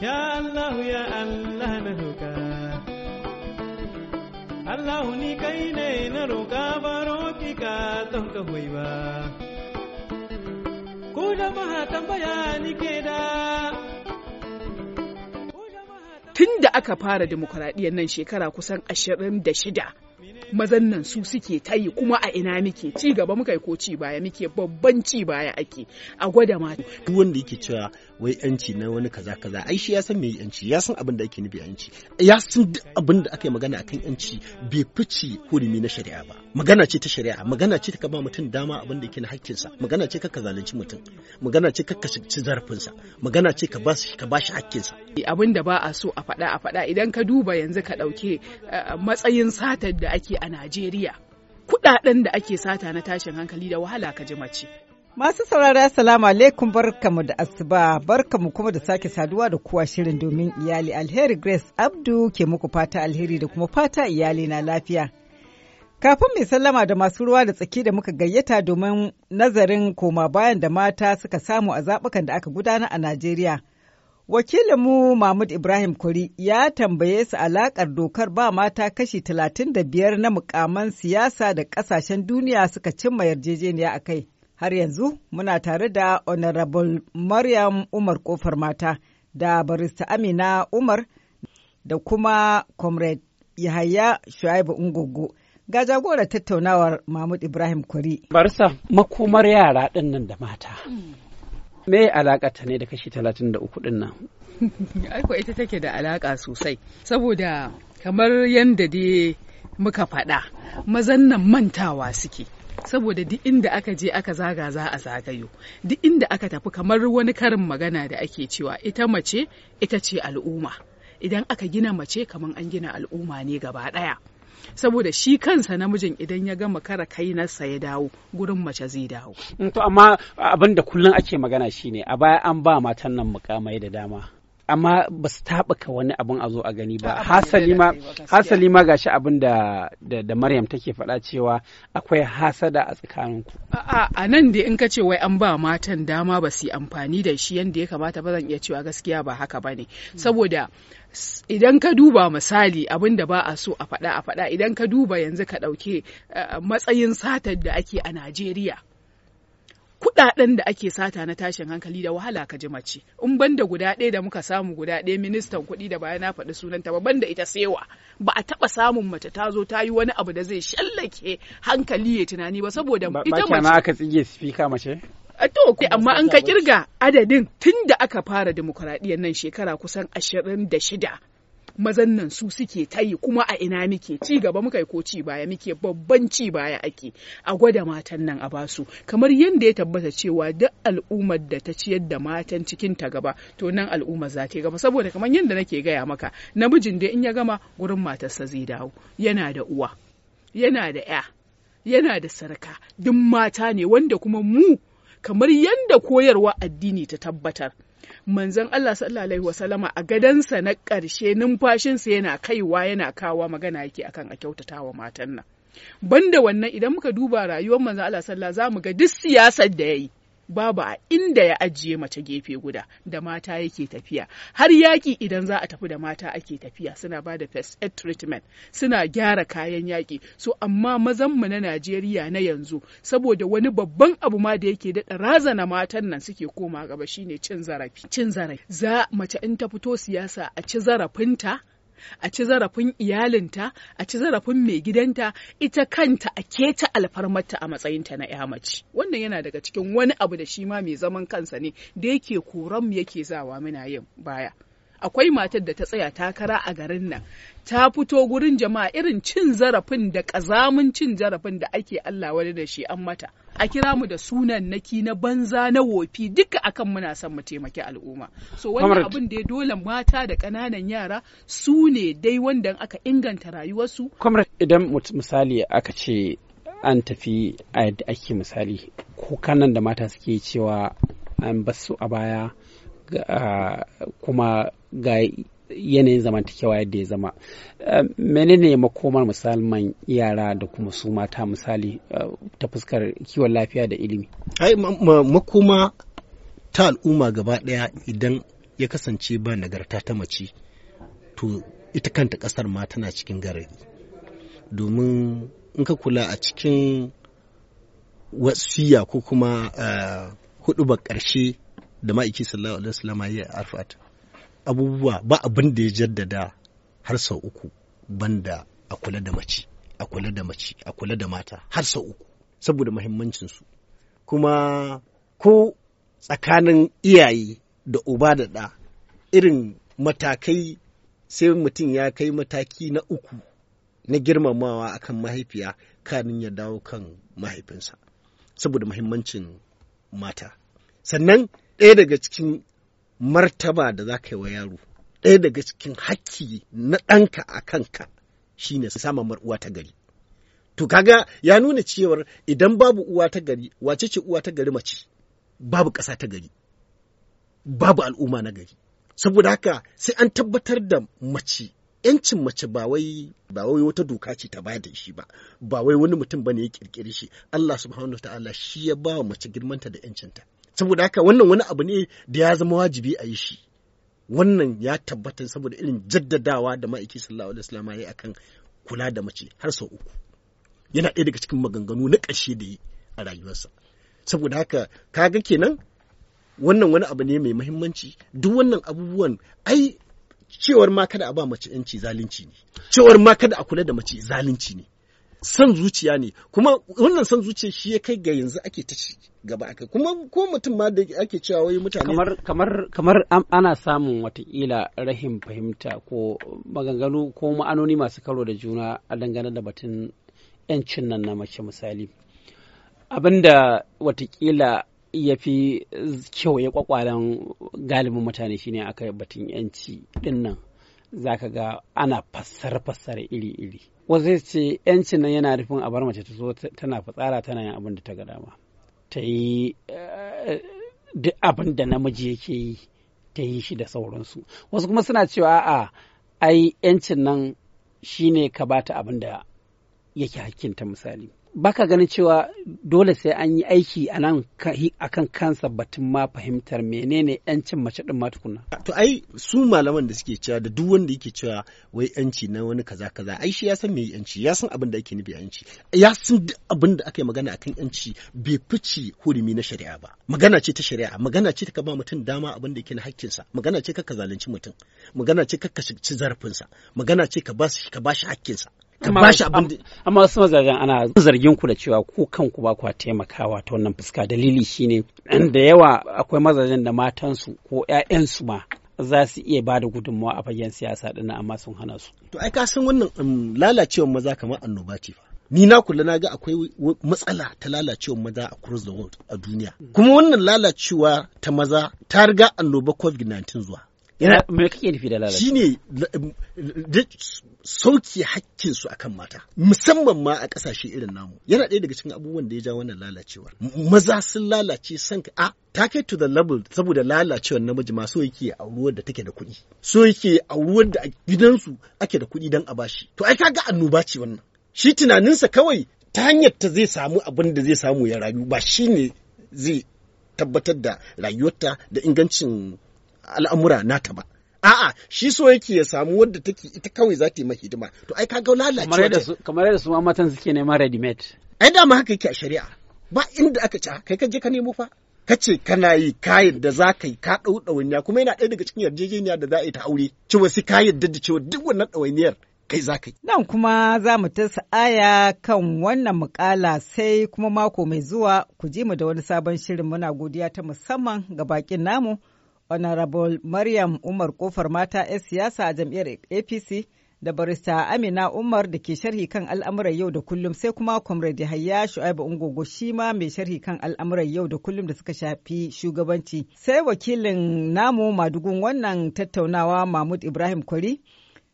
Ya Allah ya Allah na roƙa Allah ni kai ne na roƙa baro ki ka don ka hoyi ba Ku jama'a tambaya ni ke da Tun da aka fara demokuraɗiyyar nan shekara kusan ashirin da shida mazan nan su suke tayi kuma a ina muke ci gaba muka ko ci baya muke babban ci baya ake a gwada ma wanda yake cewa wai yanci na wani kaza kaza ai shi ya san me yanci ya san abin da ake nufi yanci ya san duk abin da aka yi magana akan yanci bai fice hurumi na shari'a ba magana ce ta shari'a magana ce ta ba mutum dama abin da yake na sa magana ce ka zalunci mutum magana ce ka ci zarafinsa magana ce ka ba shi ka ba shi hakkinsa abin da ba a so a faɗa a faɗa idan ka duba yanzu ka ɗauke eh, matsayin satar da ake a Najeriya kuɗaɗen da ake sata na tashin hankali da wahala ka ji mace Masu saurara salamu alaikum barkamu da asuba barkamu kuma da sake saduwa da kuwa shirin domin iyali alheri Grace Abdu ke muku fata alheri da kuma fata iyali na lafiya. Kafin mai sallama da masu ruwa da tsaki da muka gayyata domin nazarin koma bayan da mata suka samu a zaɓukan da aka gudana a Najeriya. Wakilinmu Mahmud Ibrahim Kuri ya tambaye su alakar dokar ba mata kashi talatin da biyar na mukaman siyasa da ƙasashen duniya suka cimma yarjejeniya a kai. Har yanzu muna tare da Honorable Maryam Umar Kofar Mata da Barista Amina Umar da kuma Comrade Yahaya Shu'aibu Ungogo. Ga jagorar tattaunawar Mahmud Ibrahim Kwari. Barista makomar yara ɗin nan da mata. Me alakata ne da kashi talatin da Aiko ita take da alaka sosai. Saboda kamar yadda dai muka faɗa mazan nan mantawa suke. saboda duk inda aka je aka zaga za a zagayo duk inda aka tafi kamar wani karin magana da ake cewa ita mace ita ce al'umma idan aka gina mace kamar an gina al'umma ne gaba ɗaya saboda shi kansa namijin idan ya gama kara kai kainarsa ya dawo gurin mace zai dawo. to amma abin da kullum ake magana shine a baya an ba matan nan mukamai da dama amma ba su taɓuka wani abin a zo a gani ba hasali ma shi abin da maryam take faɗa cewa akwai hasada a tsakaninku a a nan da in ka ce wai an ba matan dama ba su yi amfani da shi yadda ya kamata ba zan iya cewa gaskiya ba haka ba ne hmm. saboda idan ka duba misali abin da ba a so a faɗa a faɗa idan ka duba yanzu ka ɗauke eh, matsayin satar da ake a najeriya kuɗaɗen da ake sata na tashin hankali da wahala ka ji mace in banda guda ɗaya da muka samu guda ɗaya ministan kuɗi da bayan na faɗi sunanta ba banda ita sewa ba a taɓa samun mace ta zo ta yi wani abu da zai shallake hankali ya tunani ba saboda ita mace ba aka tsige speaker mace To, amma an ka kirga adadin tun da aka fara demokuraɗiyyar nan shekara kusan ashirin da shida mazan nan su suke tayi kuma a ina muke ci gaba muka yi ko ci baya muke babban ci baya ake a gwada matan nan a basu kamar yadda ya tabbata cewa duk al'ummar da ta ciyar da matan cikin ta gaba to nan al'umma za ta gaba saboda kamar yadda nake gaya maka namijin da in ya gama gurin matarsa zai dawo yana da uwa yana da ya yana da sarka duk mata ne wanda kuma mu kamar yadda koyarwa addini ta tabbatar manzon Allah sallallahu alaihi wasallama a gadansa na ƙarshe numfashinsa yana kaiwa yana kawa magana yake akan a kyautata wa matan nan banda wannan idan muka duba rayuwar manzon Allah sallallahu za mu ga duk siyasar da yayi babu a inda ya ajiye mace gefe guda da mata yake tafiya har yaƙi idan za a tafi da mata ake tafiya suna ba da first aid treatment suna gyara kayan yaki so amma mazan mu na Najeriya na yanzu saboda wani babban abu ma da yake raza razana matan nan suke koma gaba shine cin zarafi cin zarafi za mace in ta fito siyasa a ci zarafinta a ci zarafin iyalinta a ci zarafin mai gidanta ita kanta a keta alfarmarta a matsayinta na ya mace wannan yana daga cikin wani abu da shi ma mai zaman kansa ne da yake koran yake zawa muna yin baya akwai matar da ta tsaya takara a garin nan ta fito gurin jama'a irin cin zarafin da ƙazamin cin zarafin da ake Allah wani da shi an mata a kira mu da sunan naki na banza na wofi duka akan muna son mu taimaki al'umma so wannan abin da ya dole mata da ƙananan yara su ne dai wanda aka inganta rayuwarsu idan misali aka ce an tafi a yadda ake misali kukanan da mata suke cewa an basu a baya kuma ga yanayin zamantakewa yadda ya zama eh, menene makomar musamman yara da kuma su mata misali eh, ta fuskar kiwon lafiya da ilimi ai makoma ta al'umma gaba ɗaya idan ya kasance ba nagarta ta mace to ita kanta kasar ma tana cikin garari domin in ka kula a cikin wasiya ko kuma eh, ba ƙarshe da ma'aiki sallallahu alaihi wasallam ya arfat abubuwa ba abin da ya jaddada har sau uku banda a kula da mace a kula da mace a kula da mata har sau uku saboda mahimmancinsu kuma ko tsakanin iyaye da uba da ɗa irin matakai sai mutum ya kai mataki na uku na girmamawa akan mahaifiya kanin ya dawo kan mahaifinsa saboda mahimmancin mata sannan ɗaya daga cikin martaba da za ka yi wa yaro ɗaya daga cikin hakki na ɗanka a kanka shine mar uwa ta gari to kaga ya nuna cewar idan babu uwa ta gari wace ce uwa ta gari mace babu ƙasa ta gari babu al'umma na gari saboda haka sai an tabbatar da mace yancin mace ba wai wata doka ce ta da shi ba ba wai wani mutum ne ya kirkire shi Allah subhanahu wa ta'ala shi ya ba mace girmanta da yancinta saboda haka wannan wani abu ne da ya zama wajibi a yi shi wannan ya tabbatar saboda irin jaddadawa da ma'aiki sallallahu alaihi wasallam ya akan kula da mace har sau uku yana ɗaya daga cikin maganganu na ƙarshe da yi a rayuwarsa saboda haka ga kenan wannan wani abu ne mai muhimmanci duk wannan abubuwan ai cewar ma kada a ba mace yanci zalunci ne cewar ma kada a kula da mace zalunci ne san zuciya ne kuma wannan san zuciya shi ya kai ga yanzu ake ta ci gaba aka kuma ko mutum ma da ake cewa wai mutane kamar ana samun watakila rahim fahimta ko maganganu ko ma'anoni masu karo da juna a dangane da batun yancin nan na mace misali abinda watakila ya fi kyau ya kwakwalen galibin mutane shine aka batun yanci din nan za ka ga ana fassare-fassare iri-iri wasu ce yancin nan yana nufin a bar mace ta zo tana fitsara tana yin abin da ta ga dama ta yi eh, duk abin da namiji yake yi ta yi shi da sauransu wasu kuma suna cewa a ai yancin nan shine ka bata abin da yake hakkinta misali baka ganin cewa dole sai an yi aiki a nan akan kansa batun ma fahimtar menene yancin mace din matukuna. To ai su malaman da suke cewa da duk wanda yake cewa wai yanci na wani kaza kaza ai shi ya san me yanci ya san abin da ake nufi yanci ya san duk abin da aka yi magana akan yanci bai fice hurumi na shari'a ba magana ce ta shari'a magana ce ta ka ba mutum dama abin da yake na sa. magana ce ka zalunci mutum magana ce ka ci sa, magana ce ka ba shi ka ba shi hakkinsa. ka ba shi abin amma wasu mazajen ana zargin ku da cewa ko kanku ba kwa taimakawa ta wannan fuska dalili shine da yawa akwai mazajen da matansu ko 'ya'yansu ma za su iya ba da gudunmawa a fagen siyasa dinnan amma sun hana su. To ai ka san wannan um, lalacewar maza kamar annoba ce fa. Ni na kula na ga akwai matsala ta lalacewar maza a cross the world a duniya. Kuma wannan lalacewa ta maza ta riga annoba COVID-19 zuwa. yana me kake nufi da lalata shine eh, sauki hakkin su akan mata musamman ma a kasashe irin namu yana ɗaya daga cikin abubuwan da ya ja wannan lalacewar maza sun lalace san a ta kai to the level saboda lalacewar namiji ma so yake auruwar da take da kuɗi so yake auruwar da gidansu ake da kuɗi dan a bashi to ai kaga annoba ce wannan shi tunaninsa kawai ta hanyar ta zai samu abin da zai samu ya rayu ba shine zai tabbatar da rayuwarta da ingancin al'amura nata ba a'a shi so yake ya samu wadda take ita kawai za ta yi hidima to ai kaga lalacewa kamar yadda su ma matan suke neman ready made ai dama haka yake a shari'a ba inda aka ci ah, kai ka je ka nemo fa ka ce kana yi kayan da za ka yi ka ɗau ɗawainiya kuma yana ɗaya daga cikin yarjejeniya da za a yi ta aure cewa sai ka yarda da cewa duk wannan ɗawainiyar kai za ka Nan kuma za mu ta aya kan wannan mukala sai kuma mako mai zuwa ku ji mu da wani sabon shirin muna godiya ta musamman ga bakin namu Honorable Maryam Umar Kofar Mata 'yan siyasa a jam'iyyar APC da barista Amina Umar da ke sharhi kan al'amuran yau da kullum sai kuma Comrade Hayya Shu'aibu Ungogo shi ma mai sharhi kan al'amuran yau da kullum da suka shafi shugabanci. Sai wakilin namu madugun wannan tattaunawa Mahmud Ibrahim Kwari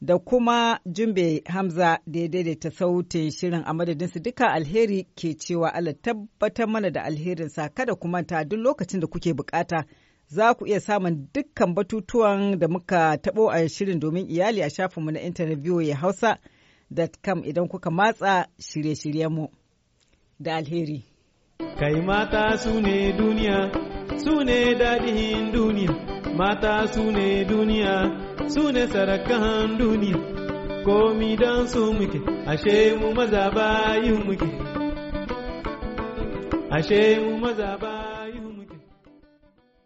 da kuma Jumbe Hamza da ya daidaita sautin shirin a madadinsu duka alheri ke cewa Allah tabbatar mana da alherinsa kada ku manta duk lokacin da kuke bukata. za ku iya samun dukkan batutuwan da muka tabo a shirin domin iyali a shafinmu na intanet ya hausa.com idan kuka matsa shirye-shiryenmu da alheri. Kai mata su ne duniya, su ne daɗin duniya, mata su ne duniya, su ne sarakan duniya, komi don su muke, ashe mu maza bayu muke, ashe mu maza bayu